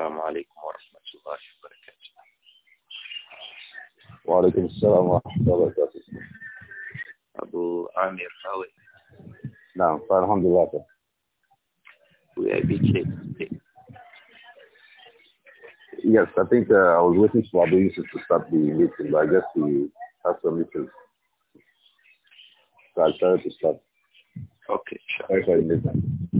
السلام عليكم ورحمة الله وبركاته وعليكم السلام ورحمة الله وبركاته أبو عامر نعم لله Yes, I think uh, I was waiting for Abu Yusuf to start the meeting, but I guess he has some issues. So I'll try to start. Okay, sure. Sorry for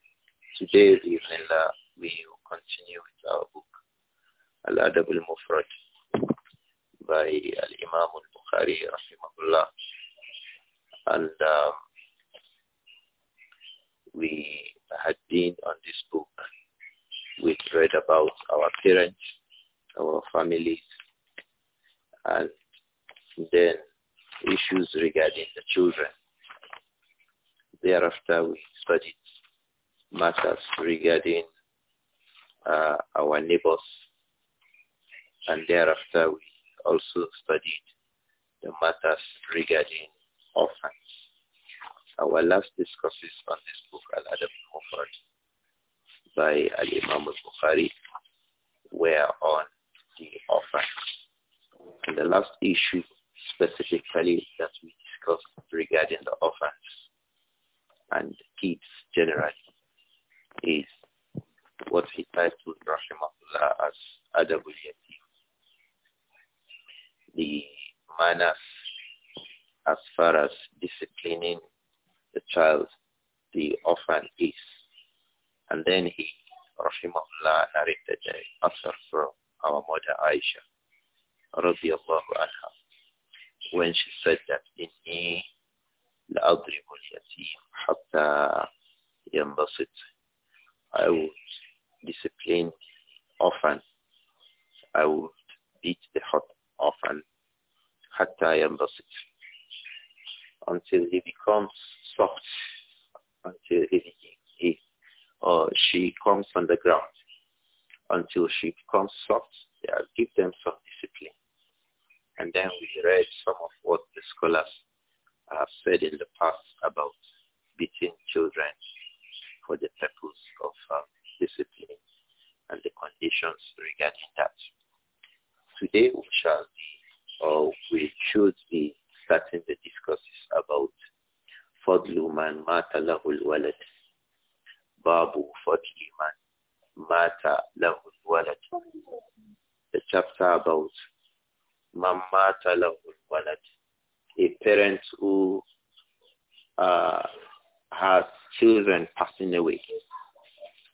today, bismillah, uh, we will continue with our book, Al-Adab al-Mufrad, by Al-Imam al-Bukhari, rahimahullah. And um, we had been on this book. We read about our parents, our families, and then issues regarding the children. Thereafter, we studied matters regarding uh, our neighbors. And thereafter, we also studied the matters regarding orphans. Our last discussions on this book, Al-Adab al-Mufrad, by Al-Imam al-Bukhari, were on the orphans. And the last issue specifically that we discussed regarding the orphans and kids generally is what he tries to him Rahimahullah uh, as Adabul Yatim. The manners as far as disciplining the child, the orphan is. And then he, Rahimahullah, narrated a asar from our mother Aisha, radiallahu anha, when she said that in me, لأضرب اليتيم حتى ينبسط I would discipline often. I would beat the hot often. Hatta yambasit. Until he becomes soft. Until he, he or she comes on the ground. Until she becomes soft, yeah, give them some discipline. And then we read some of what the scholars have said in the past about beating children for the purpose of um, discipline and the conditions regarding that. Today we shall be, or we should be, starting the discussions about فضل من مات له الولد Babu فضل من مات له الولد The chapter about من مات له الولد A parent who uh, has children passing away.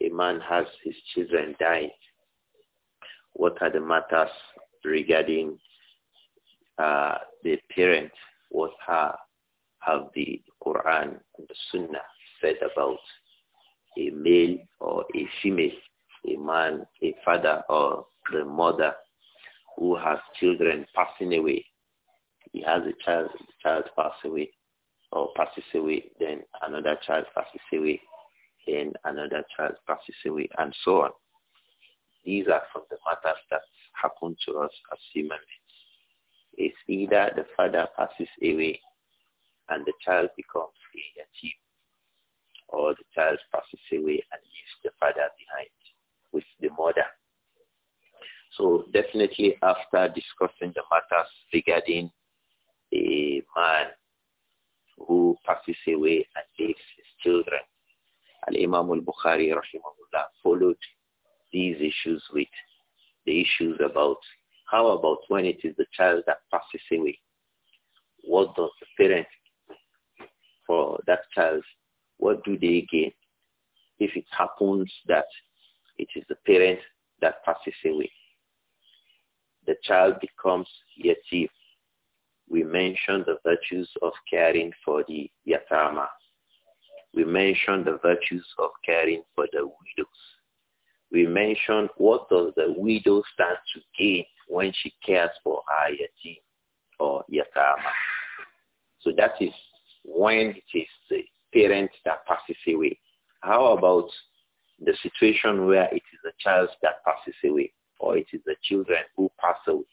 A man has his children dying. What are the matters regarding uh, the parent? What are, have the Quran and the Sunnah said about a male or a female, a man, a father or the mother who has children passing away. He has a child, the child pass away or passes away, then another child passes away, then another child passes away, and so on. These are from the matters that happen to us as human beings. It's either the father passes away and the child becomes a yatim, or the child passes away and leaves the father behind with the mother. So definitely after discussing the matters regarding a man who passes away and leaves his children. Al-Imam al-Bukhari, rahimahullah, followed these issues with the issues about how about when it is the child that passes away? What does the parent for that child, what do they gain? If it happens that it is the parent that passes away, the child becomes yatim, we mentioned the virtues of caring for the yatama. We mentioned the virtues of caring for the widows. We mentioned what does the widow stand to gain when she cares for her yatim or yatama. So that is when it is the parent that passes away. How about the situation where it is the child that passes away or it is the children who pass away?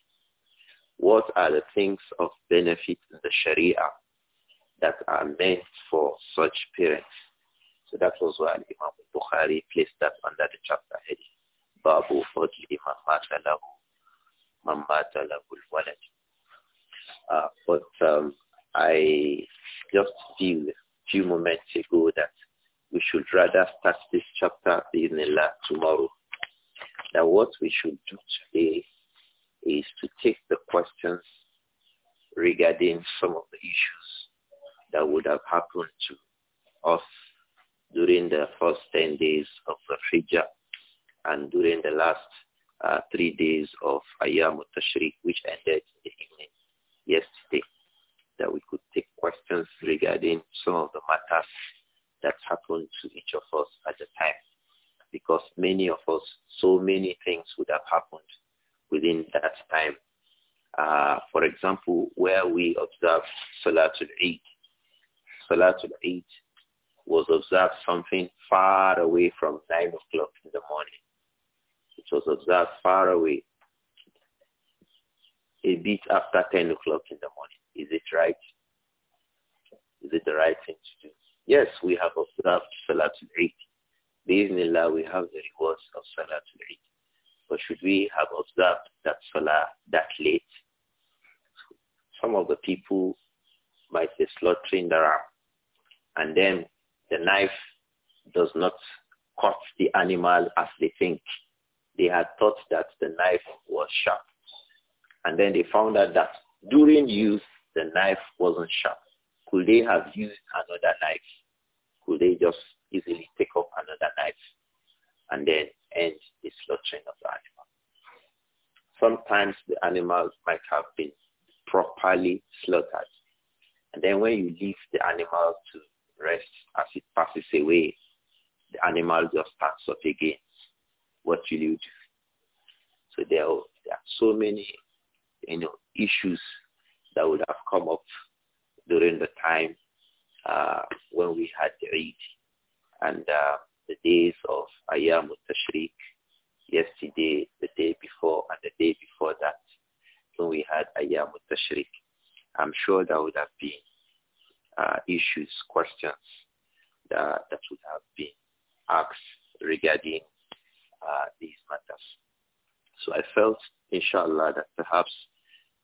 what are the things of benefit in the Sharia that are meant for such parents. So that was why Imam Bukhari placed that under the chapter heading. Babu Fadli Mamata Mamata'lahu Walad. Uh, but um, I just feel a few moments ago that we should rather start this chapter in lab tomorrow. Now what we should do today is to take the questions regarding some of the issues that would have happened to us during the first 10 days of the Hijjah and during the last uh, three days of Ayyam al-Tashriq, which ended in the evening yesterday, that we could take questions regarding some of the matters that happened to each of us at the time. Because many of us, so many things would have happened within that time. Uh, for example, where we observe Salatul Eid. Salatul Eid was observed something far away from 9 o'clock in the morning. It was observed far away, a bit after 10 o'clock in the morning. Is it right? Is it the right thing to do? Yes, we have observed Salatul Eid. Bismillah, we have the rewards of Salatul Eid should we have observed that salah that late? Some of the people might be slaughtering the ram. And then the knife does not cut the animal as they think. They had thought that the knife was sharp. And then they found out that during use, the knife wasn't sharp. Could they have used another knife? Could they just easily take up another knife and then end the slaughtering of the animal. Sometimes the animals might have been properly slaughtered. And then when you leave the animal to rest as it passes away, the animal just starts up again. What will you do? So there are, there are so many you know, issues that would have come up during the time uh, when we had the Eid. And uh, the days of Ayam Tashriq, yesterday, the day before, and the day before that, when we had Ayam Tashriq. I'm sure there would have been uh, issues, questions that, that would have been asked regarding uh, these matters. So I felt, inshallah, that perhaps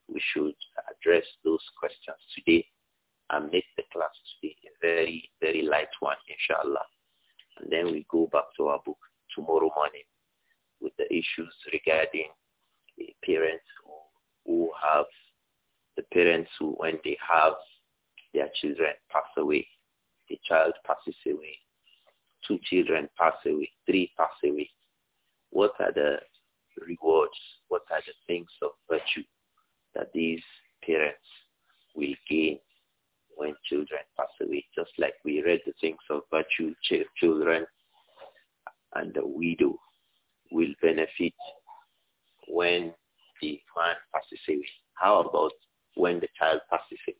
we should address those questions today and make the class today a very, very light one, inshallah. And then we go back to our book tomorrow morning with the issues regarding the parents who, who have, the parents who, when they have their children pass away, the child passes away, two children pass away, three pass away. What are the rewards? What are the things of virtue that these parents will gain when children pass away, just like we read the things of virtue children and the widow will benefit when the man passes away. How about when the child passes away?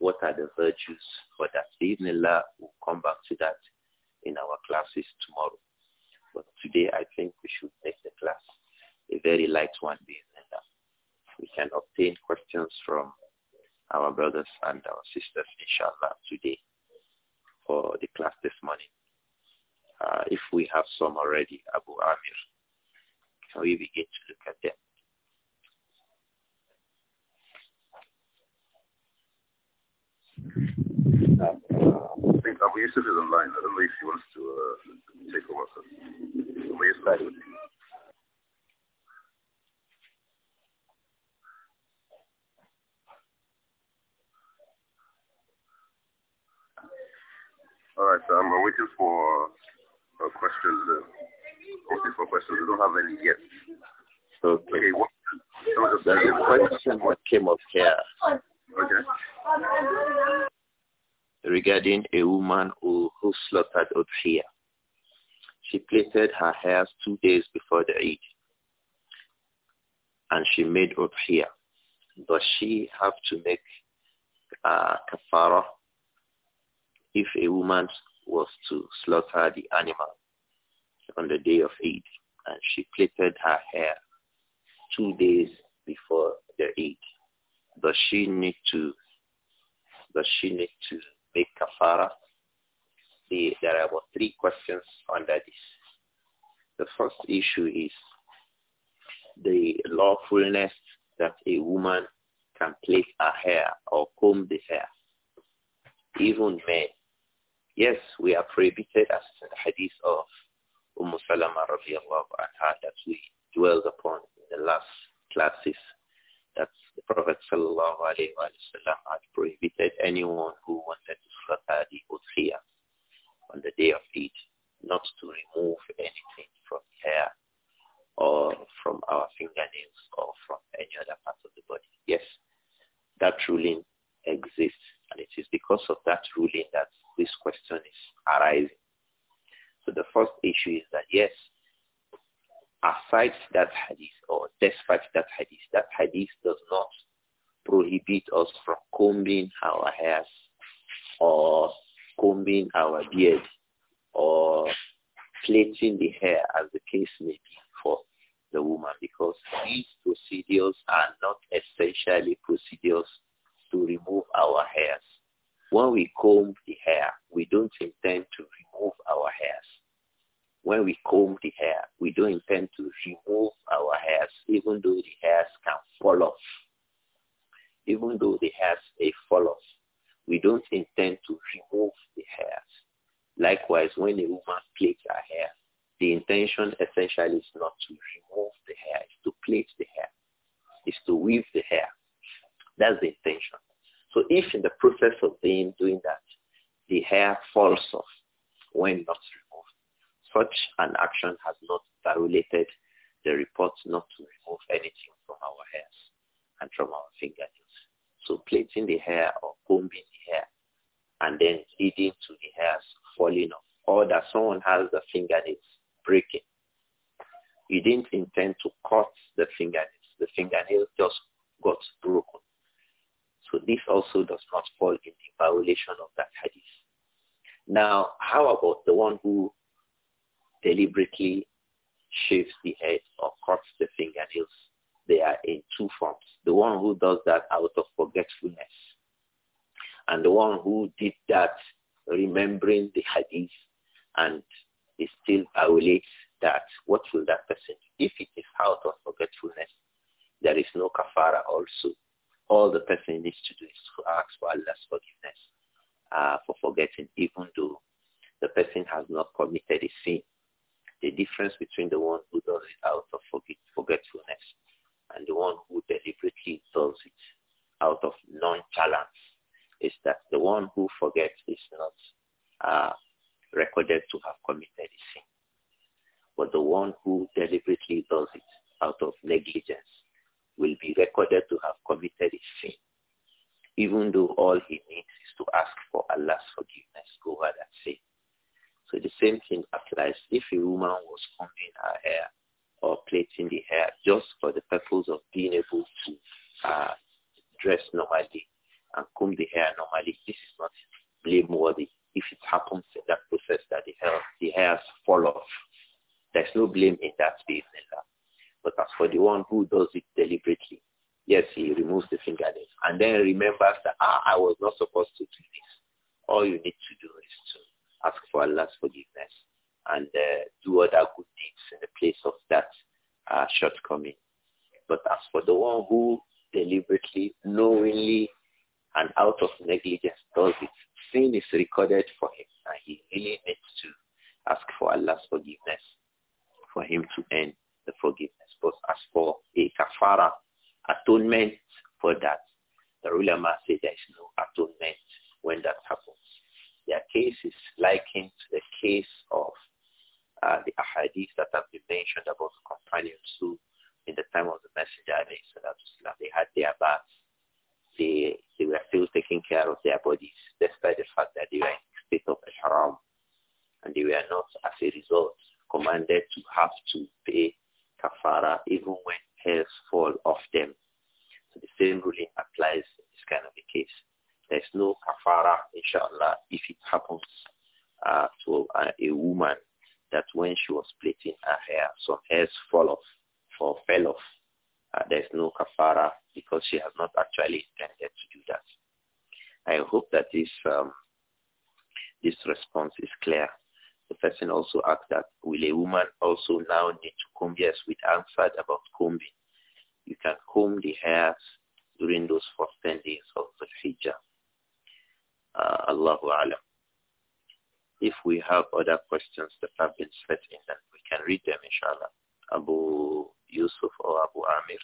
What are the virtues for that? Bismillah, we'll come back to that in our classes tomorrow. But today I think we should make the class a very light one, Bismillah. We can obtain questions from our brothers and our sisters, inshallah, today for the class this morning. Uh, if we have some already, Abu Amir, can we begin to look at them? I uh, think Abu Yusuf is online. I don't know if he wants to uh, take over. Abu Yusuf. All right, so I'm waiting for uh, questions. Uh, waiting for questions. We don't have any yet. Okay. okay what, There's a question that came up here. Okay. Regarding a woman who, who slaughtered Udhiyah. She plaited her hair two days before the Eid. And she made Udhiyah. Does she have to make uh, kafara if a woman was to slaughter the animal on the day of Eid and she plaited her hair two days before the Eid, does she need to does she need to make kafara? The, there are about three questions under this. The first issue is the lawfulness that a woman can plait her hair or comb the hair. Even men, Yes, we are prohibited as the hadith of Umm Salama radiallahu anha that we dwelled upon in the last classes that the Prophet sallallahu alayhi wa sallam had prohibited anyone who wanted to slaughter the here on the day of Eid not to remove anything from hair or from our fingernails or from any other part of the body. Yes, that ruling exists and it is because of that ruling that this question is arising. So the first issue is that yes, aside that hadith or despite that hadith, that hadith does not prohibit us from combing our hairs or combing our beard or plaiting the hair as the case may be for the woman because these procedures are not essentially procedures to remove our hairs. When we comb the hair, we don't intend to remove our hairs. When we comb the hair, we don't intend to remove our hairs, even though the hairs can fall off. Even though the hairs may fall off, we don't intend to remove the hairs. Likewise, when a woman plaits her hair, the intention essentially is not to remove the hair, it's to plait the hair, it's to weave the hair. That's the intention. So if in the process of them doing that, the hair falls off when not removed, such an action has not violated the report not to remove anything from our hairs and from our fingernails. So plaiting the hair or combing the hair and then leading to the hairs falling off or that someone has the fingernails breaking. You didn't intend to cut the fingernails. The fingernail just got broken. So this also does not fall in the violation of that hadith. Now, how about the one who deliberately shaves the head or cuts the fingernails? They are in two forms. The one who does that out of forgetfulness and the one who did that remembering the hadith and it still violates that, what will that person do? If it is out of forgetfulness, there is no kafara also all the person needs to do is to ask for Allah's forgiveness uh, for forgetting, even though the person has not committed a sin. The difference between the one who does it out of forgetfulness and the one who deliberately does it out of nonchalance is that the one who forgets is not uh, recorded to have committed a sin. But the one who deliberately does it out of negligence will be recorded to have committed a sin, even though all he needs is to ask for Allah's forgiveness over that sin. So the same thing applies if a woman was combing her hair or plaiting the hair just for the purpose of being able to uh, dress normally and comb the hair normally. This is not blameworthy if it happens in that process that the hair, the hairs fall off. There's no blame in that business. But as for the one who does it deliberately, yes, he removes the fingernail and then remembers that, ah, I was not supposed to do this. All you need to do is to ask for Allah's forgiveness and uh, do other good deeds in the place of that uh, shortcoming. But as for the one who deliberately, knowingly, and out of negligence does it, sin is recorded for him and he really needs to ask for Allah's forgiveness for him to end the forgiveness as for a kafara, atonement for that, the ulama say there is no atonement when that happens. Their case is likened to the case of uh, the ahadith that have been mentioned about the companions who, in the time of the Messenger, they had their baths. They, they were still taking care of their bodies, despite the fact that they were in a state of haram. And they were not, as a result, commanded to have to pay kafara even when hairs fall off them. So the same ruling applies in this kind of a case. There's no kafara, inshallah, if it happens uh, to a woman that when she was plaiting her hair, some hairs fall off fall fell off. Uh, there's no kafara because she has not actually intended to do that. I hope that this um, this response is clear. The person also asked that, will a woman also now need to comb? Yes, we answered about combing. You can comb the hairs during those 14 days of the hijab. Uh, Allahu Alam. If we have other questions that have been set in them, we can read them, inshallah. Abu Yusuf or Abu Amir.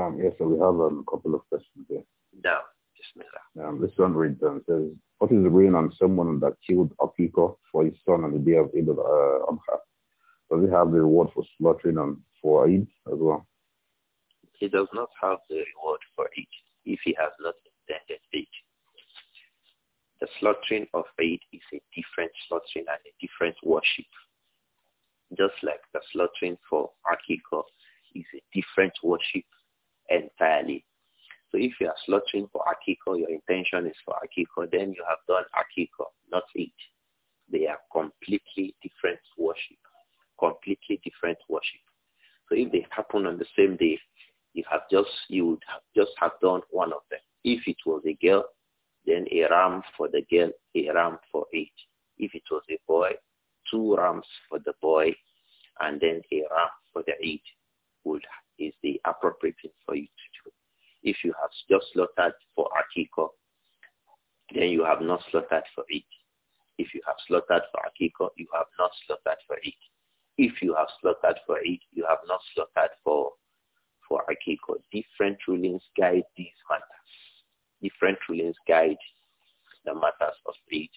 Um, yes, so we have um, a couple of questions here. No, Bismillah. now. this one reads um, says, what is the rain on someone that killed a peacock for his son on the day of Eid al-Adha? Does he have the reward for slaughtering on for Eid as well? He does not have the reward for Eid if he has not intended Eid. The slaughtering of Eid is a different slaughtering and a different worship. Just like the slaughtering for Akiko is a different worship entirely so if you are slaughtering for akiko, your intention is for akiko, then you have done akiko, not it. They are completely different worship, completely different worship. So if they happen on the same day, you have just you would have just have done one of them. If it was a girl, then a ram for the girl, a ram for it. If it was a boy, two rams for the boy, and then a ram for the eight would is the appropriate thing for you to if you have just slaughtered for Akiko, then you have not slaughtered for it. If you have slaughtered for Akiko, you have not slaughtered for it. If you have slaughtered for it, you have not slaughtered for for Akiko. Different rulings guide these matters. Different rulings guide the matters of it.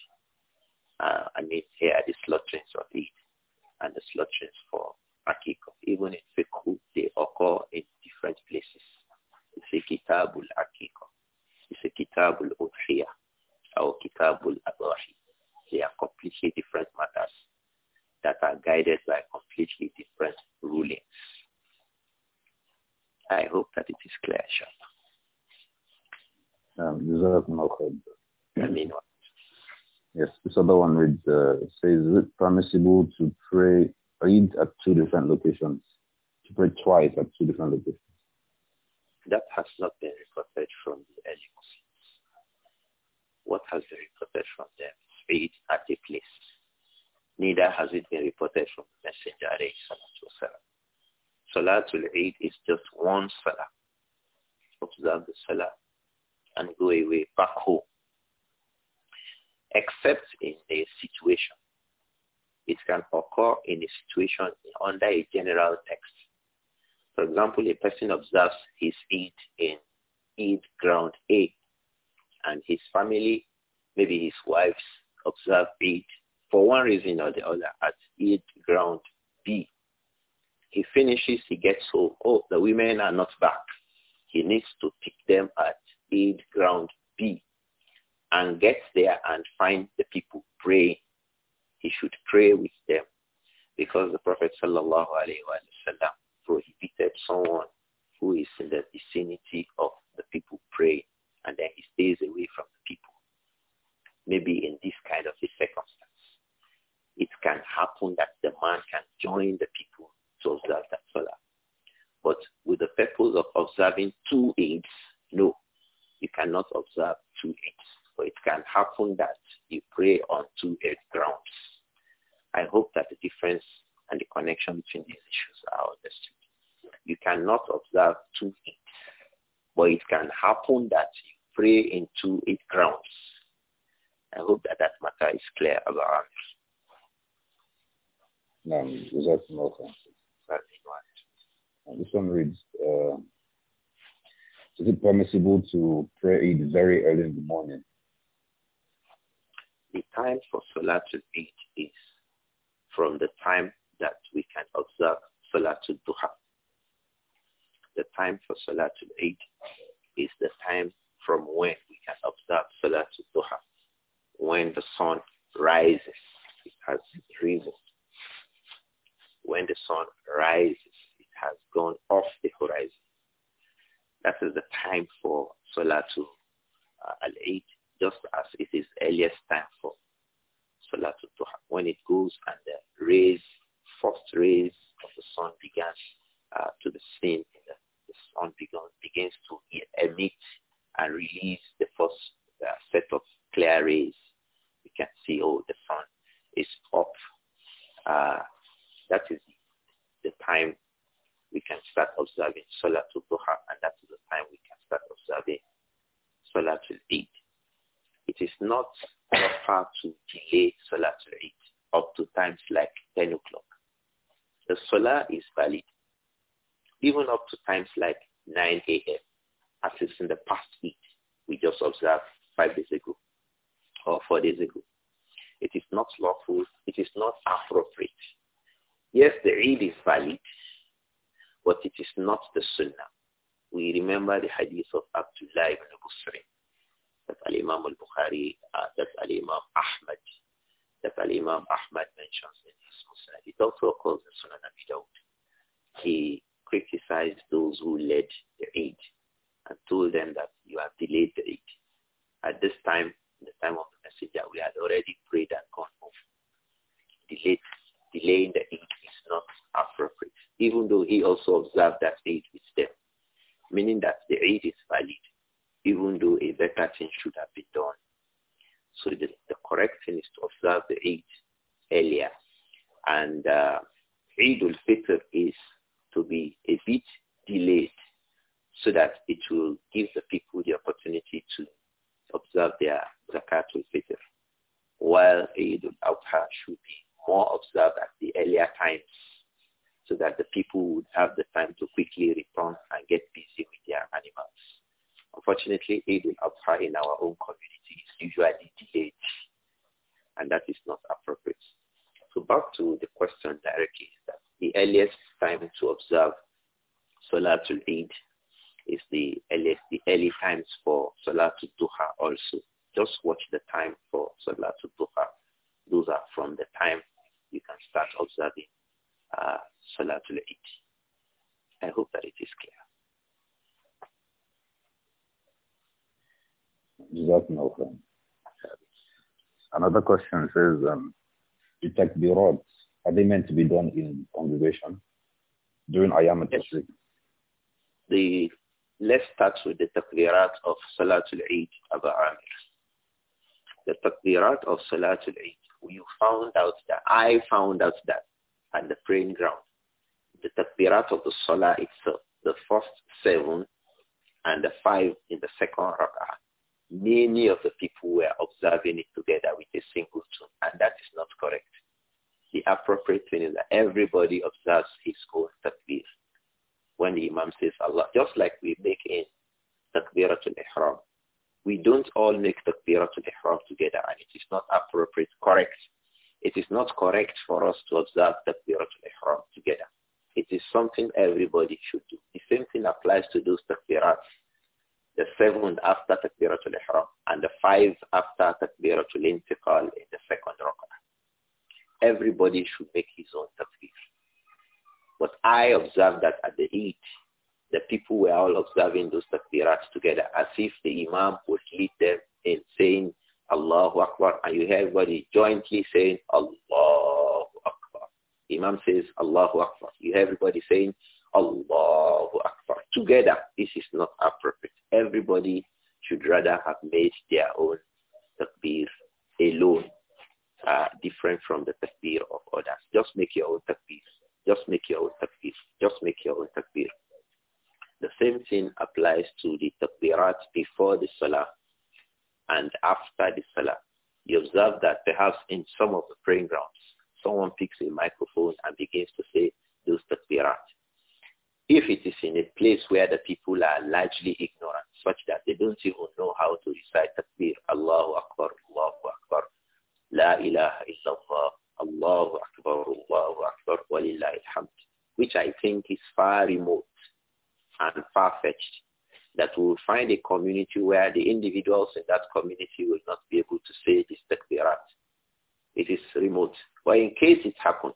Uh, I mean, here are the slaughterings of it and the slaughterings for Akiko. Even in Fiqh, they occur in different places. في كتاب العقيقة It's a كتاب الأضحية أو كتاب الأضاحي They are completely different matters that are guided by completely different rulings. I hope that it is clear, Inshallah. Um, Yes, this other one reads, uh, says, is it permissible to pray read at two different locations? To pray twice at two different locations? That has not been reported from the early Muslims. What has been reported from them is faith at a place. Neither has it been reported from the Messenger, alayhi Salatul Eid is just one salah. Observe the salah and go away back home. Except in a situation. It can occur in a situation under a general text for example, a person observes his Eid in Eid ground A and his family, maybe his wives, observe Eid for one reason or the other at Eid ground B. He finishes, he gets home. Oh, the women are not back. He needs to pick them at Eid ground B and gets there and find the people praying. He should pray with them because the Prophet sallallahu alaihi wasallam prohibited someone who is in the vicinity of the people pray, and then he stays away from the people. Maybe in this kind of a circumstance, it can happen that the man can join the people to observe that salah. But with the purpose of observing two aids, no, you cannot observe two aids. But it can happen that you pray on two aid grounds. I hope that the difference and the connection between these issues are understood you cannot observe two things. But it can happen that you pray into eight grounds. I hope that that matter is clear about No, is that no That's this one reads, uh, is it permissible to pray very early in the morning? The time for Salah to Eid is from the time that we can observe Salah to Duha the time for Salatul Eid is the time from when we can observe Salatul Duha, when the sun rises. It has risen. When the sun rises, it has gone off the horizon. That is the time for Salatul uh, Al-Eid, just as it is earliest time for Salatul Duha, when it goes and the rays, first rays of the sun begins times like 9 a.m. As if in the past week, we just observed five days ago or four days ago. It is not lawful. It is not appropriate. Yes, the Eid is valid, but it is not the Sunnah. We remember the hadith of finished to observe the Eid earlier. And uh, Eid al-Fitr is to be a bit delayed so that it will give the people the opportunity to observe their zakat al-Fitr, while Eid al-Adha should be more observed at the earlier times so that the people would have the time to quickly return and get busy with their animals. Unfortunately, Eid al-Adha in our own community is usually delayed and that is not appropriate. So back to the question directly, that the earliest time to observe Salatul Eid is the earliest, the early times for Salatul Duha also. Just watch the time for Salatul Duha. Those are from the time you can start observing uh, Salatul Eid. I hope that it is clear. Jazakallah. Another question says, um, the are they meant to be done in congregation during Ayam al The Let's start with the takbirat of Salatul Eid, Abu Amir. The takbirat of Salatul Eid, we found out that, I found out that, at the praying ground. The takbirat of the Salah itself, the first seven and the five in the second rak'ah many of the people were observing it together with a single tune, and that is not correct. The appropriate thing is that everybody observes his own takbir. When the Imam says Allah, just like we make in takbiratul ihram, we don't all make takbiratul ihram together, and it is not appropriate, correct. It is not correct for us to observe takbiratul ihram together. It is something everybody should do. The same thing applies to those takbirats the seven after Takbiratul Ihram, and the five after Takbiratul Intiqal in the second rak'ah. Everybody should make his own takbir. But I observed that at the Eid, the people were all observing those takbirats together as if the Imam would lead them in saying Allahu Akbar and you hear everybody jointly saying Allahu Akbar. The Imam says Allahu Akbar. You hear everybody saying Allahu Akbar. Together, this is not appropriate. Everybody should rather have made their own takbir alone, uh, different from the takbir of others. Just make your own takbir. Just make your own takbir. Just make your own takbir. The same thing applies to the takbirat before the salah and after the salah. You observe that perhaps in some of the praying grounds, someone picks a microphone and begins to say those takbirat. If it is in a place where the people are largely ignorant, such that they don't even know how to recite takbir, Allahu Akbar, Allahu Akbar, La ilaha illallah, Allahu Akbar, Allahu Akbar, walillahi alhamd, which I think is far remote and far-fetched, that we will find a community where the individuals in that community will not be able to say this takbirat. It is remote. But in case it happens,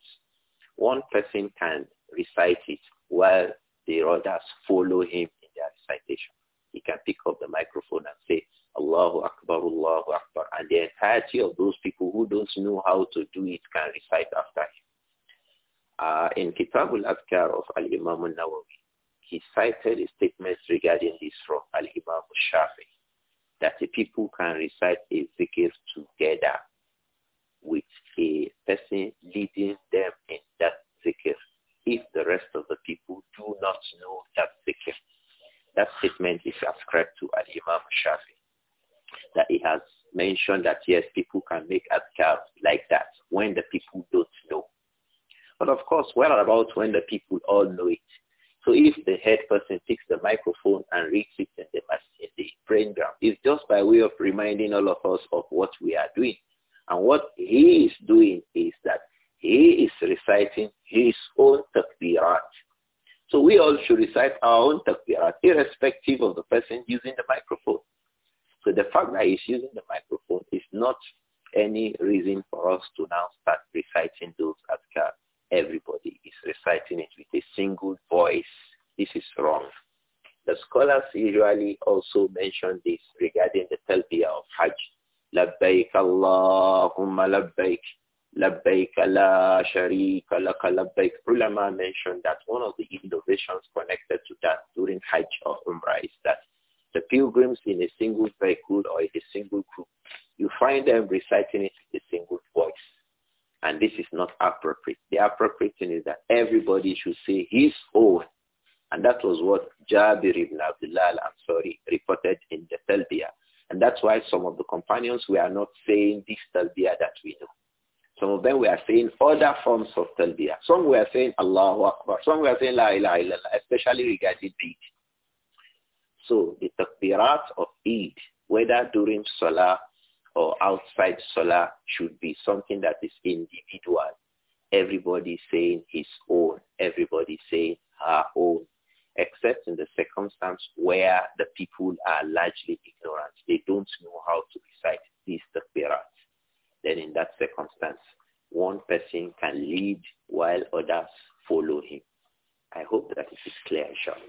one person can recite it while entirety of those people who don't know how to do it can recite after him. Uh, in Kitab al-Adkar of Al-Imam al-Nawawi, he cited a statement regarding mentioned that yes, people can make adhkars like that when the people don't know. But of course, what about when the people all know it? So if the head person takes the microphone and reads it in the, in the brain ground, it's just by way of reminding all of us of what we any reason for us to now start reciting those adhkar. Everybody is reciting it with a single voice. This is wrong. The scholars usually also mention this regarding the talbiyah of Hajj. لبيك اللهم لبيك لبيك لا شريك لك لبيك Ulama mentioned that one of the innovations connected to that during Hajj or Umrah is that the pilgrims in a single vehicle or in a single group you find them reciting it with a single voice. And this is not appropriate. The appropriate thing is that everybody should say his own. And that was what Jabir ibn Abdullah am sorry, reported in the Talbiyah. And that's why some of the companions were not saying this Talbiyah that we know. Some of them were saying other forms of Talbiyah. Some were saying Allahu Akbar. Some were saying La ilaha illallah, especially regarding Eid. So the takbirat of Eid, whether during Salah or outside solar should be something that is individual. Everybody saying his own, everybody saying her own, except in the circumstance where the people are largely ignorant. They don't know how to recite these takbirat. Then in that circumstance, one person can lead while others follow him. I hope that it is clear, inshallah.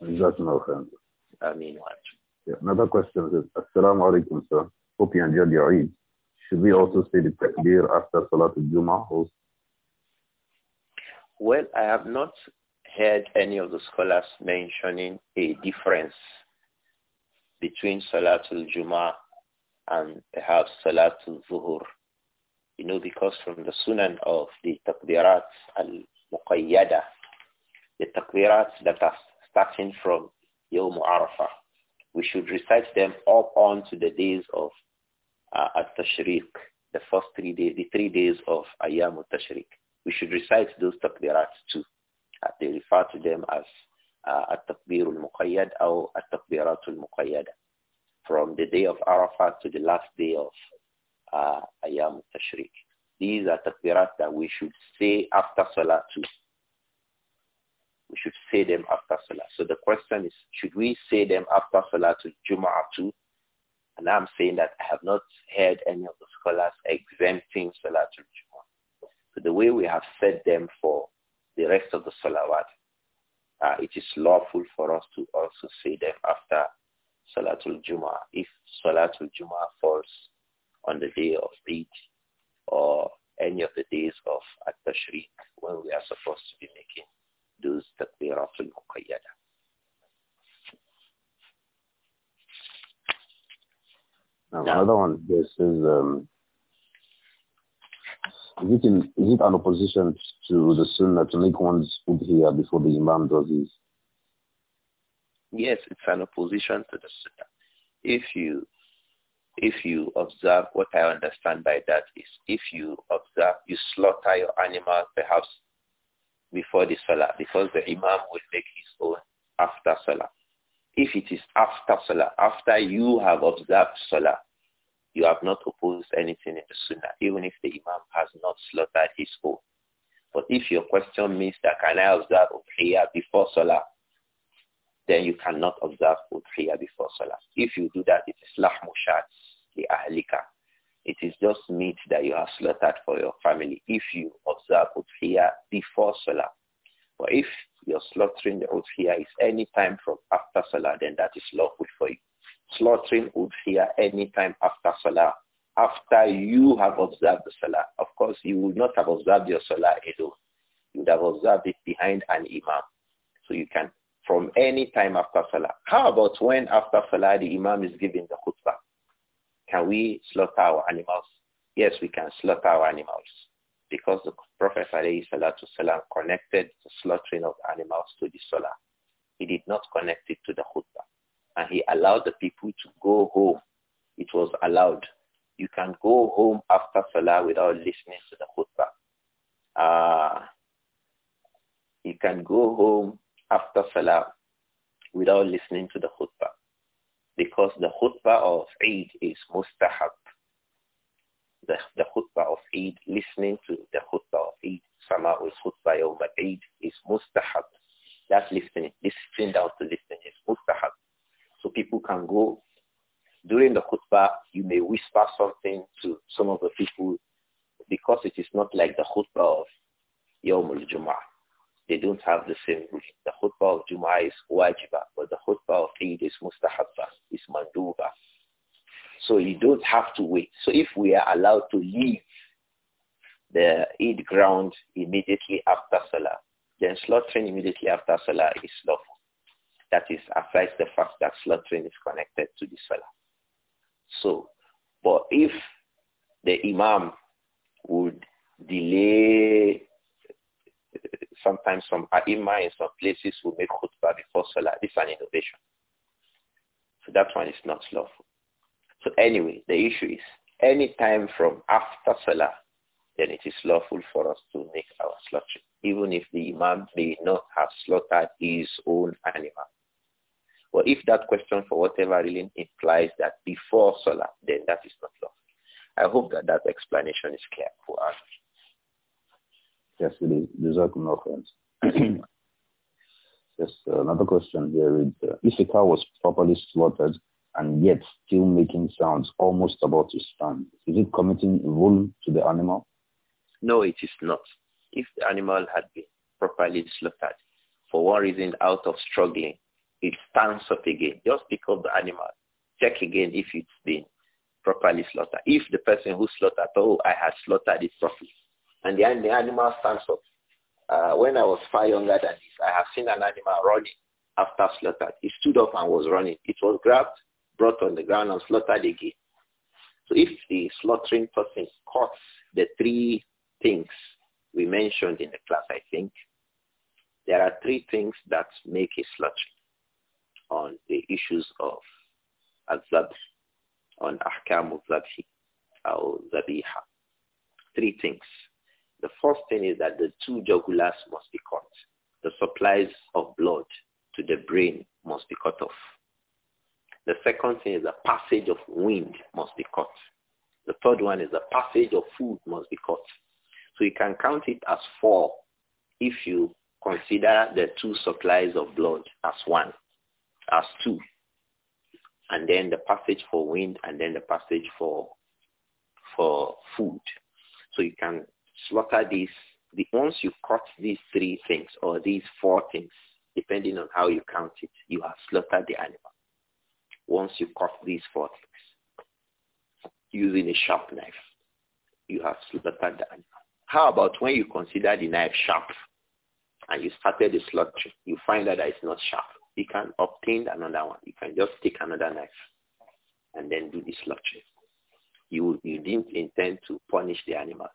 That's no I mean, what? Another question is, Assalamu alaikum, sir. Hope you enjoyed your Eid. Should we also say the takbir after Salatul Jummah? Well, I have not heard any of the scholars mentioning a difference between Salatul Jummah and perhaps Salatul Zuhur. You know, because from the Sunan of the Takbirat al-Muqayyada, the Takbirat that are starting from Yawm Arafah, we should recite them up to the days of uh, at-tashriq, the first three days, the three days of ayam at-tashriq. We should recite those takbirat too. Uh, they refer to them as uh, at-takbir al-muqayyad or at-takbirat al-muqayyada. From the day of Arafat to the last day of uh, ayam at-tashriq. These are takbirat that we should say after salah too we should say them after Salah. So the question is, should we say them after Salah to Jum'ah too? And I'm saying that I have not heard any of the scholars exempting Salah to Jum'ah. So the way we have said them for the rest of the Salawat, uh, it is lawful for us to also say them after Salatul Jum'ah. If Salatul Jum'ah falls on the day of Eid or any of the days of At-Tashriq when we are supposed to be making those takbiratul muqayyada. another one, this is, um, is, it in, is it an opposition to the sunnah to make one's food here before the imam does his? Yes, it's an opposition to the sunnah. If you if you observe what I understand by that is if you observe, you slaughter your animal perhaps before the salah because the imam will make his own after salah. If it is after salah, after you have observed salah, you have not opposed anything in the sunnah, even if the imam has not slaughtered his own. But if your question means that can I observe Udhiyah before Salah, then you cannot observe Udhiyah before Salah. If you do that, it is lahmushat, the ahlika. It is just meat that you have slaughtered for your family if you observe Udhiyah before Salah. But if you're slaughtering the Udhiyah is any time from after Salah, then that is lawful for you. Slaughtering Udhiyah any time after Salah, after you have observed the Salah. Of course, you would not have observed your Salah all. You would have observed it behind an Imam. So you can, from any time after Salah. How about when after Salah the Imam is giving the khutbah? Can we slaughter our animals? Yes, we can slaughter our animals because the Prophet ﷺ connected the slaughtering of animals to the Salah. He did not connect it to the khutbah. And he allowed the people to go home. It was allowed. You can go home after Salah without listening to the khutbah. Uh, you can go home after Salah without listening to the khutbah because the khutbah of Eid is mustahab. The, the khutbah of Eid, listening to the khutbah of Eid, sama'ul khutbah yawm Eid is mustahab. That listening, listening down to listening is mustahab. So people can go, during the khutbah, you may whisper something to some of the people because it is not like the khutbah of Yawm jumah they don't have the same ruling. The khutbah of Jum'ah is wajiba, but the khutbah of Eid is mustahabba, is manduba. So you don't have to wait. So if we are allowed to leave the Eid ground immediately after Salah, then slaughtering immediately after Salah is lawful. That is, aside the fact that slaughtering is connected to the Salah. So, but if the Imam would delay sometimes some aima uh, in some places will make khutbah before salah. This is an innovation. So that one is not lawful. So anyway, the issue is any time from after salah, then it is lawful for us to make our slaughter, even if the imam may not have slaughtered his own animal. Well, if that question for whatever reason implies that before salah, then that is not lawful. I hope that that explanation is clear for us. Yes, Yes, uh, another question here is, uh, if a cow was properly slaughtered and yet still making sounds almost about to stand, is it committing evil to the animal? No, it is not. If the animal had been properly slaughtered, for one reason out of struggling, it stands up again. Just pick up the animal, check again if it's been properly slaughtered. If the person who slaughtered, oh, I had slaughtered it properly, and the, the animal stands up. Uh, when I was far younger than this, I have seen an animal running after slaughtered. It stood up and was running. It was grabbed, brought on the ground and slaughtered again. So if the slaughtering person cuts the three things we mentioned in the class, I think, there are three things that make a slaughter on the issues of al on ahkam al-zabhi, or zabiha. Three things. The first thing is that the two jugulars must be cut. The supplies of blood to the brain must be cut off. The second thing is the passage of wind must be cut. The third one is the passage of food must be cut. So you can count it as four if you consider the two supplies of blood as one, as two, and then the passage for wind and then the passage for for food. So you can slaughter these, the, once you cut these three things or these four things, depending on how you count it, you have slaughtered the animal. Once you cut these four things using a sharp knife, you have slaughtered the animal. How about when you consider the knife sharp and you started the slaughter, you find that it's not sharp. You can obtain another one. You can just take another knife and then do the slaughter. You, you didn't intend to punish the animal.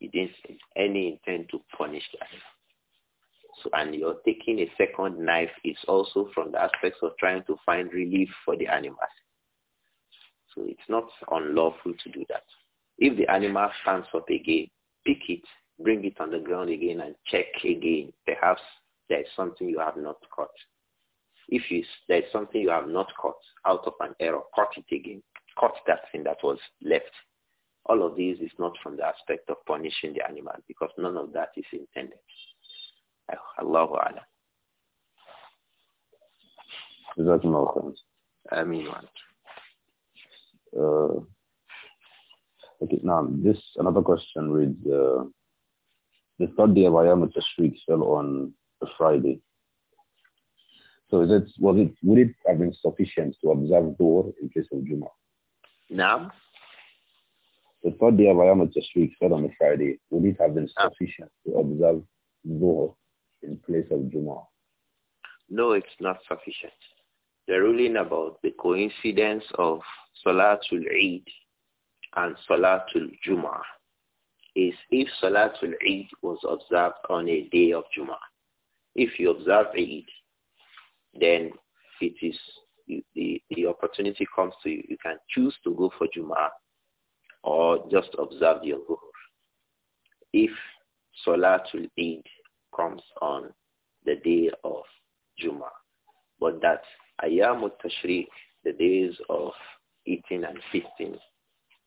He didn't any intent to punish us. So, and you're taking a second knife is also from the aspects of trying to find relief for the animals. So it's not unlawful to do that. If the animal stands up again, pick it, bring it on the ground again and check again. Perhaps there is something you have not caught. If you, there is something you have not caught out of an error, cut it again. Cut that thing that was left all of these is not from the aspect of punishing the animal because none of that is intended. Allahu Alam. جزاكم I mean امين وانت. Okay, now this another question reads: uh, The third day of Ayam Tashriq fell on a Friday. So is it was it would it have been sufficient to observe Dhuhr in place of Juma? Now, the third day of Ayam al-Tashriq fell on a Friday. Would it have been ah. sufficient to observe Zuhr in place of Juma? No, it's not sufficient. The ruling about the coincidence of Salatul Eid and Salatul juma is if Salatul Eid was observed on a day of Juma. If you observe Eid, then it is the, the opportunity comes to you. You can choose to go for Juma or just observe the Dhuhr. If Salatul Eid comes on the day of Juma, but that ayam Tashriq, the days of eating and feasting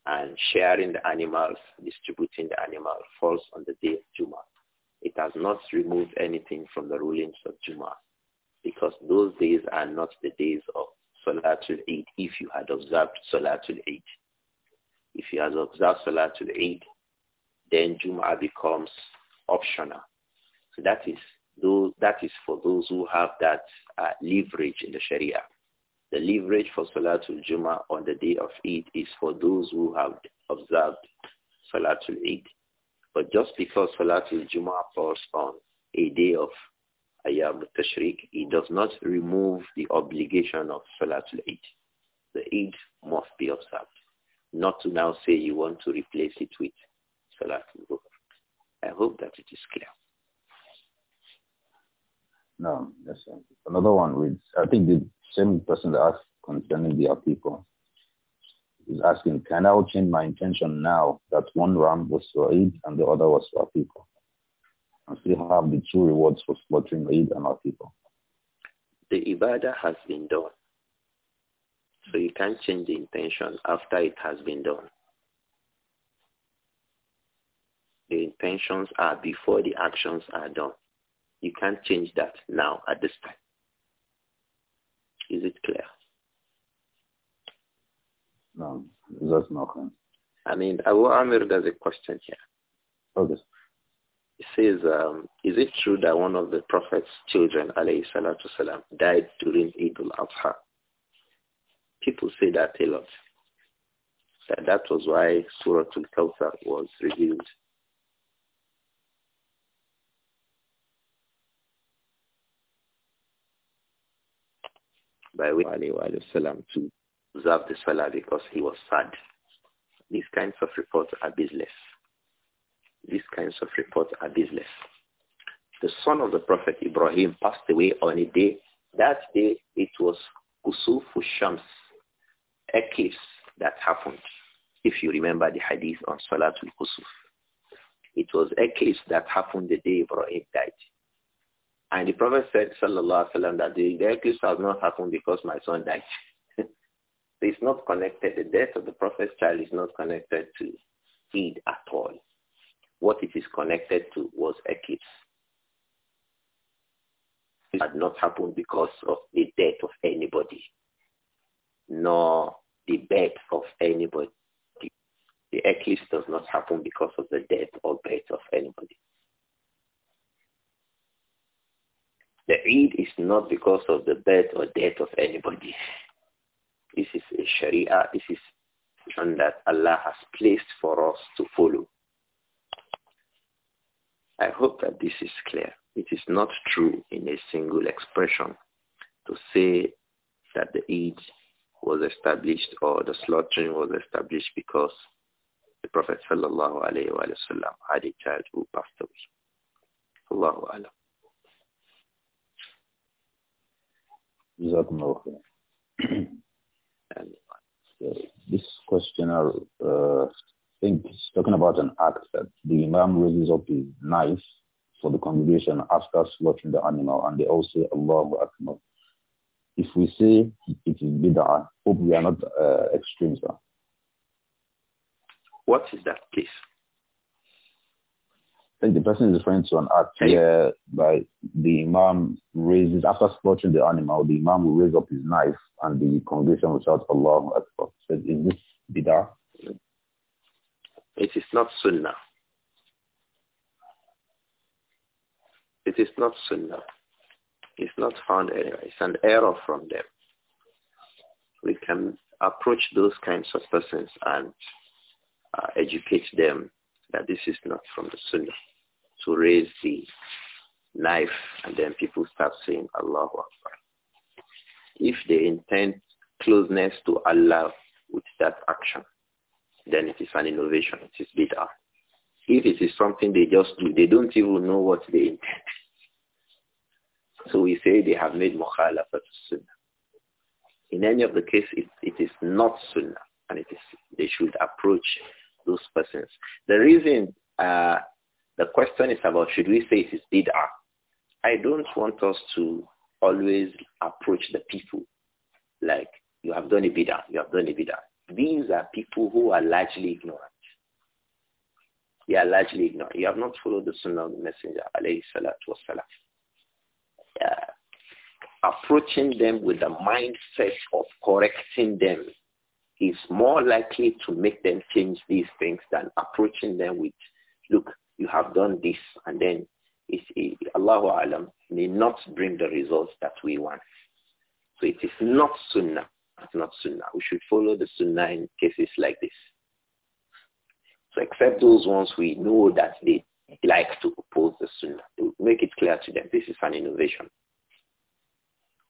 and sharing the animals, distributing the animal, falls on the day of Juma. It has not removed anything from the rulings of Juma because those days are not the days of Salatul Eid if you had observed Salatul Eid. If he has observed Salatul Eid, then Jum'ah becomes optional. So that is those, that is for those who have that uh, leverage in the Sharia. The leverage for Salatul Jum'ah on the day of Eid is for those who have observed Salatul Eid. But just because Salatul Jum'ah falls on a day of Ayyam Tashriq, it does not remove the obligation of Salatul Eid. The Eid must be observed not to now say you want to replace it with Salatul I hope that it is clear. No, another one with, I think the same person that asked concerning the people is asking, can I change my intention now that one ram was for Eid and the other was for people? I still have the two rewards for slaughtering Eid and our people. The Ibadah has been done. So you can't change the intention after it has been done. The intentions are before the actions are done. You can't change that now at this time. Is it clear? No, that's not clear. I mean, Abu Amir does a question here. Okay. He says, um, is it true that one of the Prophet's children, alayhi salatu salam, died during Eid al-Adha? People say that a lot. That that was why Surah Al-Kawthar was revealed. by way wasallam to observe the salah because he was sad. These kinds of reports are business. These kinds of reports are business. The son of the Prophet Ibrahim passed away on a day. That day it was Kusufu Shams a case that happened, if you remember the hadith on Salatul Kusuf. It was a case that happened the day Ibrahim died. And the Prophet said, Sallallahu Alaihi Wasallam, that the, the eclipse has not happened because my son died. so it's not connected. The death of the Prophet's child is not connected to Eid at all. What it is connected to was eclipse. It had not happened because of the death of anybody, nor the birth of anybody. The eclipse does not happen because of the death or birth of anybody. The Eid is not because of the birth or death of anybody. This is a Sharia. This is one that Allah has placed for us to follow. I hope that this is clear. It is not true in a single expression to say that the Eid was established or the slaughtering was established because the Prophet sallallahu alayhi wa sallam had a child who passed away. Allahu alam. this questioner, uh, I think, is talking about an act that the Imam raises up his knife for the congregation after slaughtering the animal, and they all say Allahu Akbar if we say it is bid'ah, hope we are not uh, extreme, What is that, please? I think the person is referring to an act hey. where by the imam raises, after slaughtering the animal, the imam will raise up his knife and the congregation will shout Allahu Akbar. So is this bid'ah? It is not sunnah. It is not sunnah. It's not found anywhere. It's an error from them. We can approach those kinds of persons and uh, educate them that this is not from the Sunnah. To raise the knife and then people start saying Allahu Akbar. If they intend closeness to Allah with that action, then it is an innovation. It is bid'ah. If it is something they just do, they don't even know what they intend. So we say they have made mukhalafat sunnah. In any of the case, it, it is not sunnah, and it is they should approach those persons. The reason uh, the question is about should we say it is bid'ah? I don't want us to always approach the people like you have done a bid'ah, you have done a bid'ah. These are people who are largely ignorant. They are largely ignorant. You have not followed the sunnah of the messenger, alayhi salatu wasalam uh, approaching them with the mindset of correcting them is more likely to make them change these things than approaching them with, look, you have done this, and then it's, it, Allahu Alam may not bring the results that we want. So it is not sunnah. It's not sunnah. We should follow the sunnah in cases like this. So except those ones we know that they like to oppose the Sunnah. To make it clear to them, this is an innovation.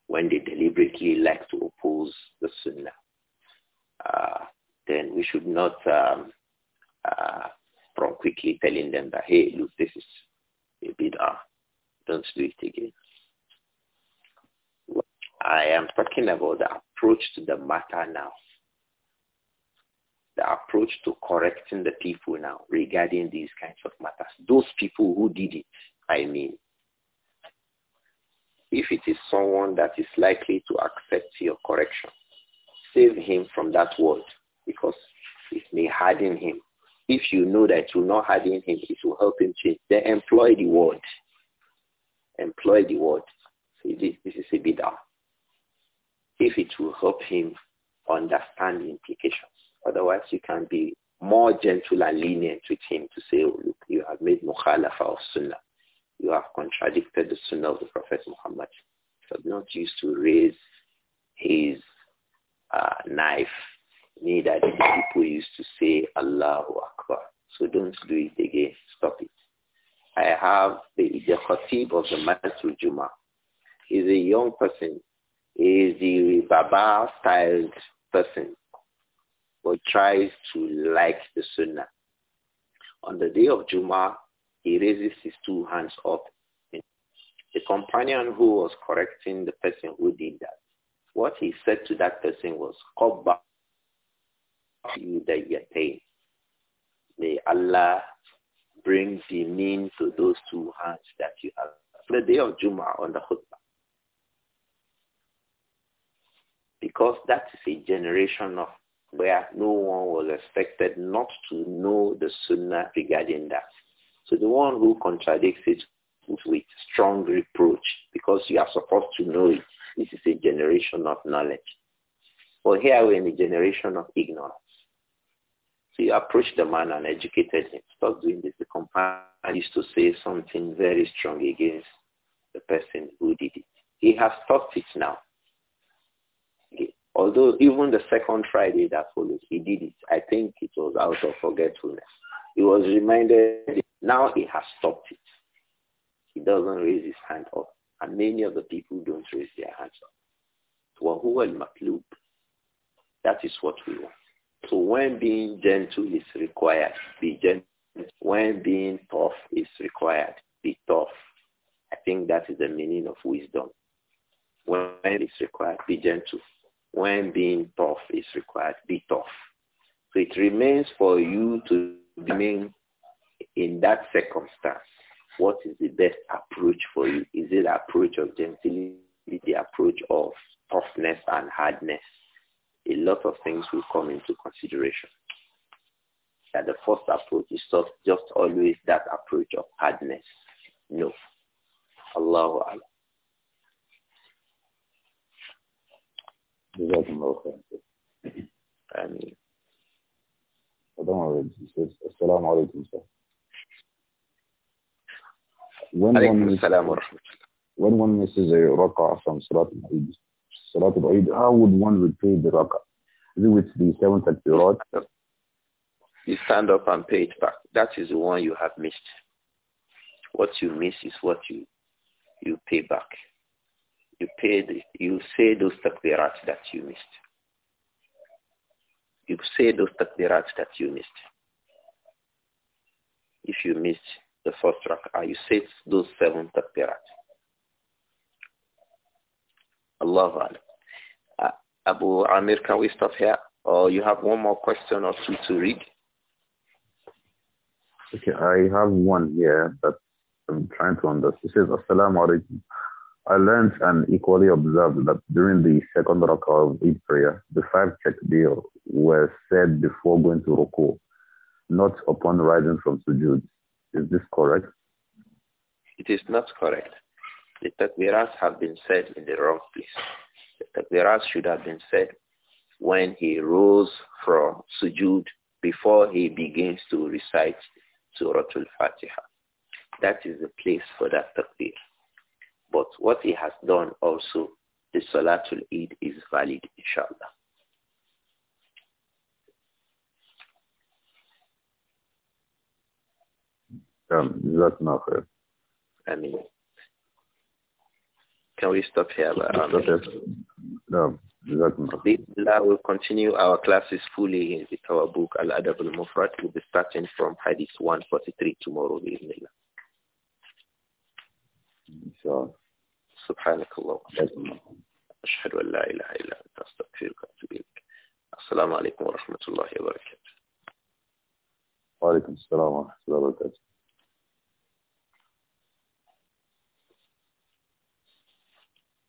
When they deliberately like to oppose the Sunnah, uh, then we should not um, uh, from quickly telling them that, hey, look, this is a bid'ah. Don't do it again. I am talking about the approach to the matter now the approach to correcting the people now regarding these kinds of matters. Those people who did it, I mean. If it is someone that is likely to accept your correction, save him from that word because it may harden him. If you know that it will not harden him, it will help him change. Then employ the word. Employ the word. See, this, this is a bid'ah. If it will help him understand the implication Otherwise, you can be more gentle and lenient with him to say, oh, look, you have made mukhalafa of sunnah. You have contradicted the sunnah of the Prophet Muhammad. So not used to raise his uh, knife. Neither did people used to say Allahu Akbar. So don't do it again. Stop it. I have the, the khatib of the Masjid Juma. He's a young person. He is the Baba-styled person but tries to like the sunnah. On the day of Juma, he raises his two hands up. The companion who was correcting the person who did that, what he said to that person was, Qabba May Allah bring the mean to those two hands that you have. For the day of Juma on the khutbah. Because that is a generation of where no one was expected not to know the sunnah regarding that. So the one who contradicts it with strong reproach because you are supposed to know it. This is a generation of knowledge. Well, here we're in a generation of ignorance. So you approach the man and educated him. Stop doing this. The companion used to say something very strong against the person who did it. He has stopped it now. Although even the second Friday that follows, he did it. I think it was out of forgetfulness. He was reminded, now he has stopped it. He doesn't raise his hand up. And many of the people don't raise their hands up. That is what we want. So when being gentle is required, be gentle. When being tough is required, be tough. I think that is the meaning of wisdom. When it's required, be gentle when being tough is required, be tough. So it remains for you to remain in that circumstance. What is the best approach for you? Is it the approach of gentility, the approach of toughness and hardness? A lot of things will come into consideration. That the first approach is not just always that approach of hardness. No. Allahu جزاكم الله خير امين السلام عليكم السلام عليكم sir when one misses, when one misses a rak'ah from Salat al-Eid, Salat al-Eid, how would one repay the rak'ah? Is it with the seventh takbirat? You stand up and pay it back. That is the one you have missed. What you miss is what you you pay back you pay the, you say those takbirat that you missed. You say those takbirat that you missed. If you missed the first rak'ah, you say those seven takbirat. Allahu Uh, Abu Amir, can we stop here? Or you have one more question or two to read? Okay, I have one here that I'm trying to understand. It says, Assalamu alaikum. I learned and equally observed that during the second rakah of Eid prayer, the five takbir were said before going to ruku, not upon rising from sujood. Is this correct? It is not correct. The takbiras have been said in the wrong place. The takbiras should have been said when he rose from sujood before he begins to recite Surah Al-Fatiha. That is the place for that takbir. But what he has done also, the Salatul Eid is valid, inshallah. Um, that's not fair. I mean, can we stop here? Um, no, that's not fair. will continue our classes fully with our book Al-Adab al-Mufrad. We'll be starting from Hadith 143 tomorrow, evening. Sure. سبحانك اللهم وبحمدك أشهد أن لا إله إلا أنت أستغفرك وأتوب إليك السلام عليكم ورحمة الله وبركاته وعليكم السلام ورحمة الله وبركاته